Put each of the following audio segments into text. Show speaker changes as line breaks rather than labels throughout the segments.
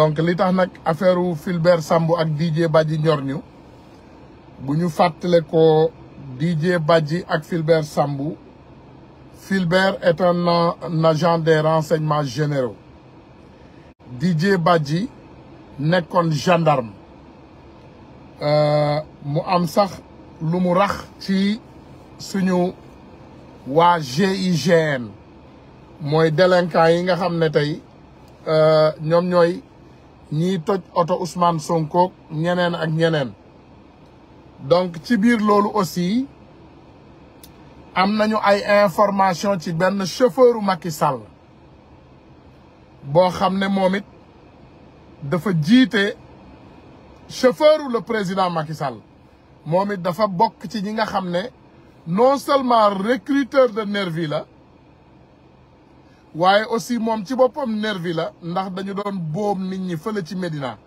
donc li tax nag affaire Fulbert Sambou ak DJ Badji ñor ñu bu ñu fàttale ko DJ Badji ak Fulbert Sambou Fulbert est un, un agent des renseignements généraux DJ Badji nekkoon gendarme euh, mu am sax lu mu rax ci suñu waa GIGN mooy délinquant yi nga xam ne tey euh, ñoom ñooy ñiy toj oto Ousmane Sonko ñeneen ak ñeneen donc ci biir loolu aussi am nañu ay information ci benn chauffeuru Macky Sall boo xam ne moomit dafa jiite chauffeuru le président Macky Sall moom it dafa bokk ci ñi nga xam ne non seulement recruteur de nervi la waaye aussi moom ci boppam nervi la ndax dañu doon boom nit ñi fële ci Médina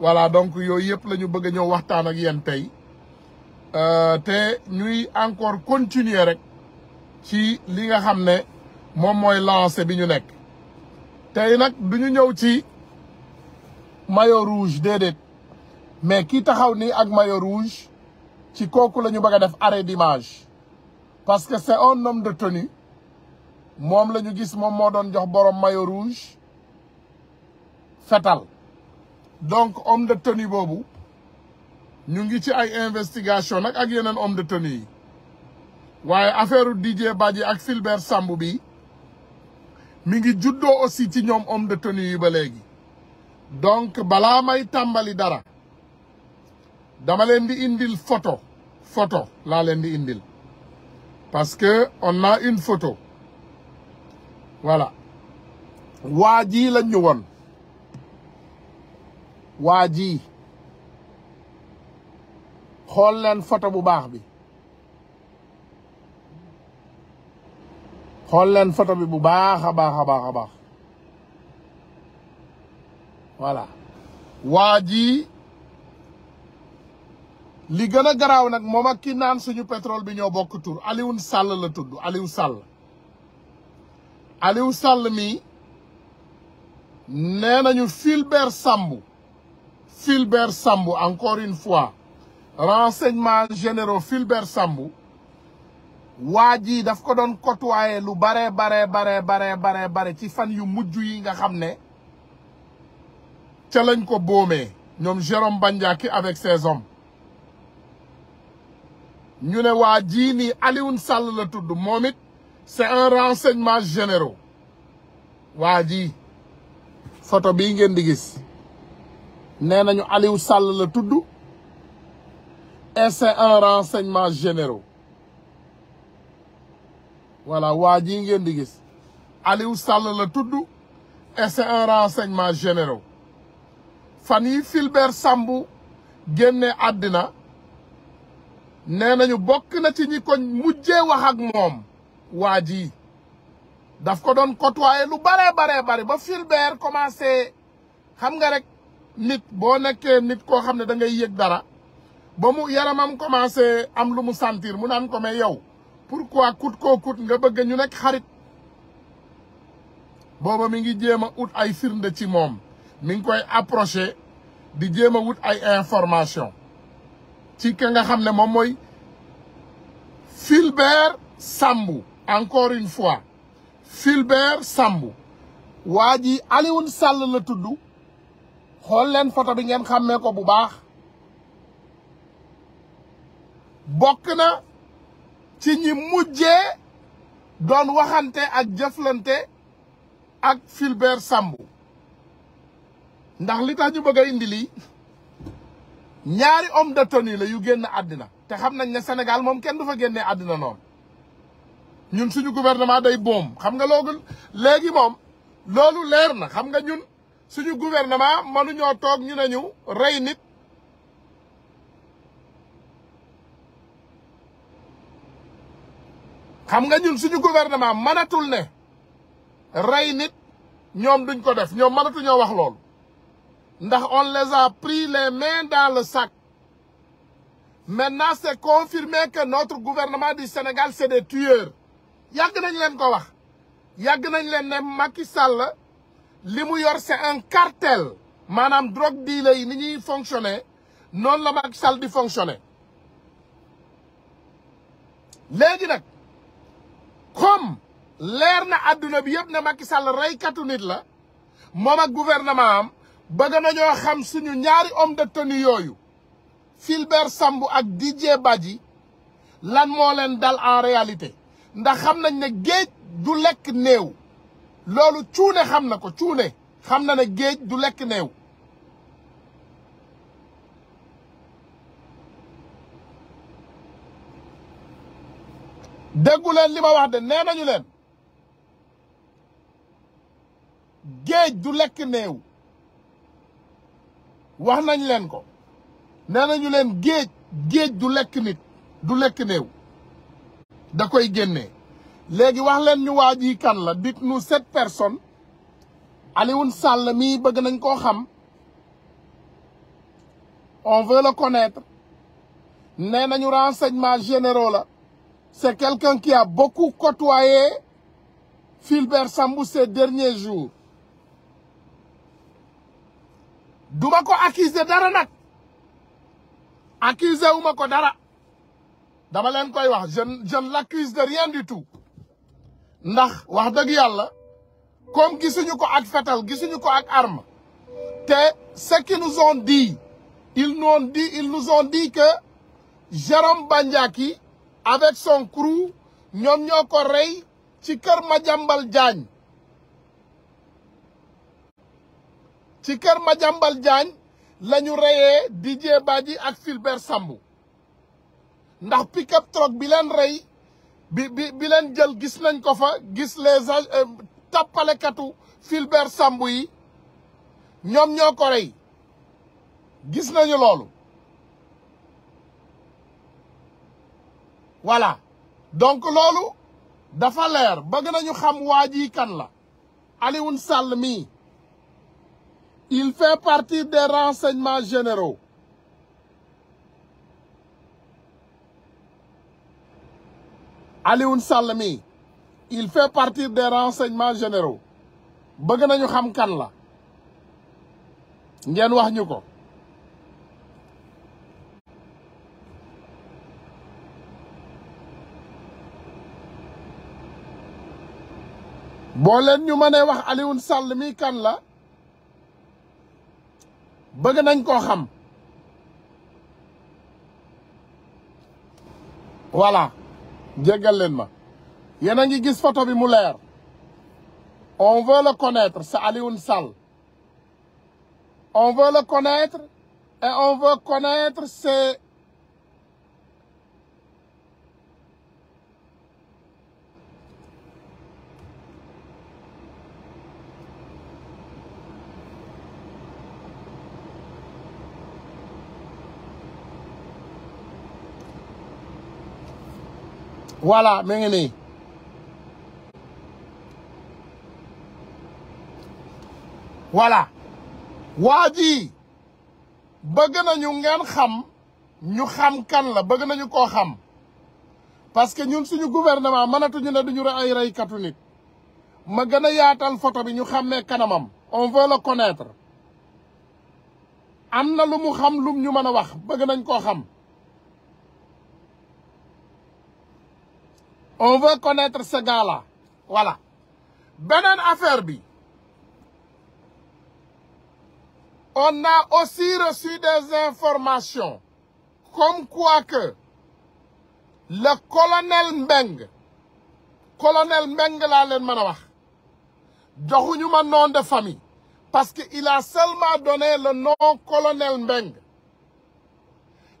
voilà donc yooyu yëpp la ñu bëgg a ñëw waxtaan ak yéen tey euh, te ñuy encore continuer rek ci li nga xam ne moom mooy lancé bi ñu nekk tey nag du ñu ñëw ci maillot rouge déedéet mais kii taxaw nii ak maillot rouge ci kooku la ñu bëgg def arrêt d'image parce que c'est un homme de tenue moom lañu gis moom moo doon jox boroom maillot rouge fetal donc homme de boobu ñu ngi ci ay investigation nag ak yeneen homme de tenue yi waaye affaire DJ Badji ak Fulbert sambu bi mi ngi juddoo aussi ci ñoom homme de tenue yi ba léegi donc balaa may tàmbali dara dama leen di indil photo photo laa leen di indil parce que on na une photo voilà waa jii lañ ñu waa jii xool leen photo bu baax bi xool leen photo bi bu baax a baax a baax a baax voilà waa jii li gën a garaaw nag moom ak ki naan suñu pétrole bi ñoo bokk tur Alioune Sall la tudd Aliou Sall Aliou Sall mii nee nañu Fulbert Sambou Fulbert Sambou encore une fois renseignements généraux Fulbert Sambou waa ji daf ko doon côtoyer lu bare baree baree baree baree bare ci fan yu mujj yi nga xam ne ca lañ ko boomee ñoom Jérôme Bandiaki avec ses ñu ne waa jii nii Alioune Sall la tudd moom it c'est un renseignement général waa ji photo bii ngeen di gis nee nañu Aliou Sall la tudd et c'est un renseignement général voilà waa ji ngeen di gis Aliou Sall la tudd et c'est un renseignement général fan yi Fulbert Sambou génne àddina nee nañu bokk na ci ñi ko mujjee wax ak moom waa ji daf ko doon côtoyer lu baree baree bari ba Fulbert commencé xam nga rek nit boo nekkee nit koo xam ne da ngay yëg dara ba mu yaramam commencé am lu mu sentir mu naan ko mais yow pourquoi coûte que coûte nga bëgg ñu nekk xarit booba mi ngi jéem a ut ay firnde ci moom mi ngi koy approché di jéem a wut ay information ci ka nga xam ne moom mooy Fulbert Sambou encore une fois Fulbert Sambou waa ji Alioune Sall la tudd xool leen photo bi ngeen xàmmee ko bu baax bokk na ci ñi mujjee doon waxante ak jëflante ak Fulbert sambu ndax li tax ñu bëgg a indi lii ñaari homme de tenue la yu génn àddina te xam nañ ne Sénégal moom kenn du fa génnee àddina noonu ñun suñu gouvernement day boom xam nga loolu léegi moom loolu leer na xam nga ñun suñu gouvernement mënuñoo toog ñu ne ñu rey nit xam nga ñun suñu gouvernement mënatul ne rey nit ñoom duñ ko def ñoom mënatuñoo wax lool ndax on les a pris les mains dans le sac maintenant c'est confirmé que notre gouvernement du Sénégal c'est des tueurs yàgg nañ leen ko wax yàgg nañ leen ne Macky Sall li mu yor c'est un cartel maanaam drogue dealer yi ni ñuy fonctionner noonu la Macky Sall di fonctionné léegi nag comme leer na àdduna bi yëpp ne Macky Sall reykatu nit la moo ak gouvernement am bëgg nañoo xam suñu ñaari homme de tenue yooyu Fulbert Sambou ak Didier Badji lan moo leen dal en réalité ndax xam nañ ne géej du lekk néew loolu cuune xam na ko cuune xam na ne géej du lekk néew déggu leen li ma wax de nee nañu leen géej du lekk néew wax nañ leen ko nee nañu leen géej géej du lekk nit du lekk néew da koy génne léegi wax ñu waa ji kan la dit nu sept personnes Alioune Sall mii bëgg nañ koo xam on veut le connaître nee nañu renseignements généraux la c'est quelqu'un qui a beaucoup côtoyé Fulbert Sambou ces derniers jour duma ko accuser dara nag accuser wu ko dara dama leen koy wax je je ne l'accuse de rien du tout ndax wax dëgg yàlla comme gisuñu ko ak fetal gisuñu ko ak arme te ce qu'ils nous ont dit ils nous ont dit ils nous avec son crew ñoom ñoo ko rey ci kër Madiambal Diagne ci kër Madiambal Diagne la reyee Didier Badji ak Fulbert Sambou ndax pick-up truck bi leen rey bi jël gis nañ ko fa gis les euh, tappalekatu Fulbert Sambou yi ñoom ñoo ko rey gis nañu loolu voilà donc loolu dafa leer bëgg nañu xam waa ji kan la Alioune Sall mii il fait partie des renseignements généraux Alioune Sall mii il fait partir des renseignements généraux bëgg nañu xam kan la ngeen wax ñu ko boo leen ñu mënee wax Alioune Sall mi kan la bëgg nañ koo xam voilà jéggal leen ma yéen a ngi gis photo bi mu leer on veut le connaître c'est Alioune Sall on veut le connaître et on veut connaître ses voilà mi ngi nii voilà waa ji bëgg nañu ngeen xam ñu xam kan la bëgg nañu ko xam parce que ñun suñu gouvernement mënatuñu ne duñu ay reykatu nit ma gën a yaatal photo bi ñu xam xàmmee kanamam on veut le connaître am na lu mu xam lum ñu mën a wax bëgg nañ koo xam on veut connaître ce gars-là voilà beneen affaire bi on a aussi reçu des informations comme quoi que le colonel Mbeng colonel Mbeng laa leen mën a wax nom de famille parce que il a seulement donné le nom colonel Mbeng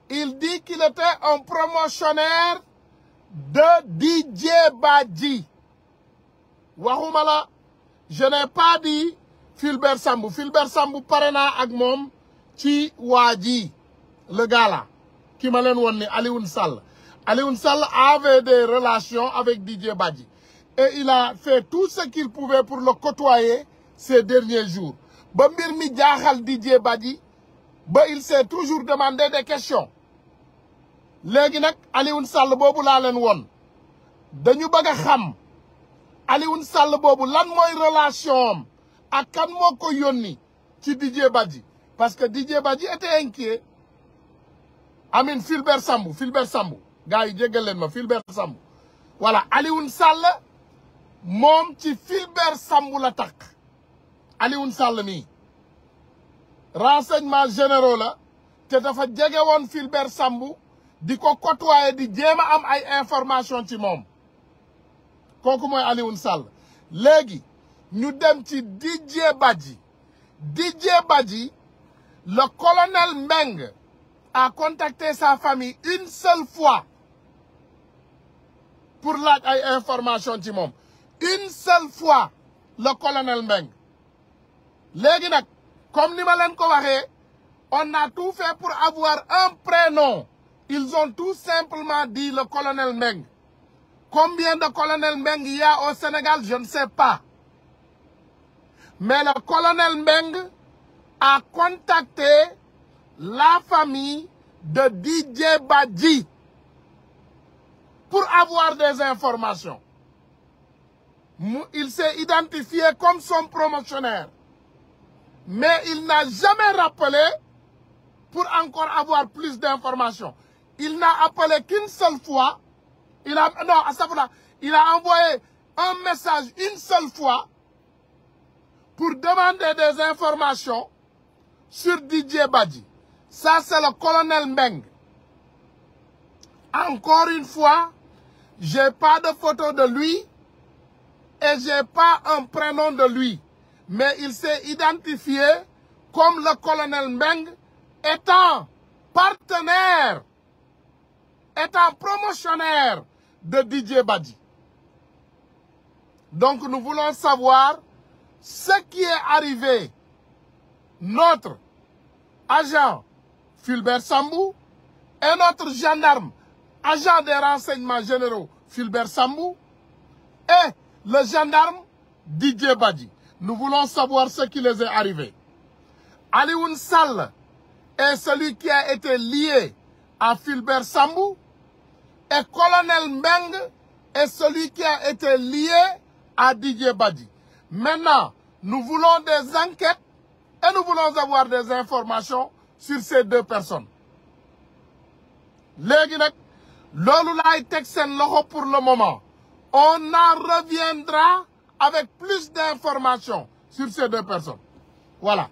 il dit qu'il était un promotionnaire de Didier Badji waxuma la je n'ai pas dit Fulbert Sambou Fulbert Sambou pare na ak moom ci waa ji le gars là ki ma leen woon ni Alioune Sall Alioune Sall avait des relations avec Didier Badji et il a fait tout ce qu'il pouvait pour le côtoyer ces derniers jours ba mbir mi jaaxal Didier Badji ba il s'est toujours demandé des questions léegi nag Alioune Sall boobu laa leen woon dañu bëgg a xam Alioune Sall boobu lan mooy relation am ak kan moo ko yónni ci Didier Badji parce que Didier Badji était inquiet Amin Fulbert sambu Fulbert Sambou gars yi jéggal ma Fulbert Sambou voilà Alioune Sall moom ci Fulbert Sambou la takk Alioune Sall nii renseignements généraux la te dafa jege woon Fulbert Sambou di ko côtoyer di jéem a am ay information ci moom kooku moy Alioune sal léegi ñu dem ci Didier Badji Didier Badji le colonel Mbengue a contacté sa famille une seule fois pour laaj ay information ci moom une seule fois le colonel Mbengue léegi nag comme ni ma leen ko waxee on a tout fait pour avoir un prénom ils ont tout simplement dit le colonel Meng. Combien de colonel Meng il a au Sénégal, je ne sais pas. Mais le colonel Meng a contacté la famille de Didier Badji pour avoir des informations. Il s'est identifié comme son promotionnaire. Mais il n'a jamais rappelé pour encore avoir plus d'informations. il n'a appelé qu'une seule fois. Il a, à il a envoyé un message une seule fois pour demander des informations sur Didier Badji. Ça, c'est le colonel Meng. Encore une fois, j'ai pas de photo de lui et j'ai pas un prénom de lui. Mais il s'est identifié comme le colonel Meng étant partenaire étant promotionnaire de Didier Badji. Donc nous voulons savoir ce qui est arrivé. Notre agent Fulbert Sambou et notre gendarme, agent des renseignements généraux Fulbert Sambou et le gendarme Didier Badji. Nous voulons savoir ce qui les est arrivé. Alioune Sall est celui qui a été lié à Fulbert Sambou et colonel Mbeng est celui qui a été lié à Didier Badji. Maintenant, nous voulons des enquêtes et nous voulons avoir des informations sur ces deux personnes. léegi nag loolu laay teg seen pour le moment on en reviendra avec plus d'informations sur ces deux personnes voilà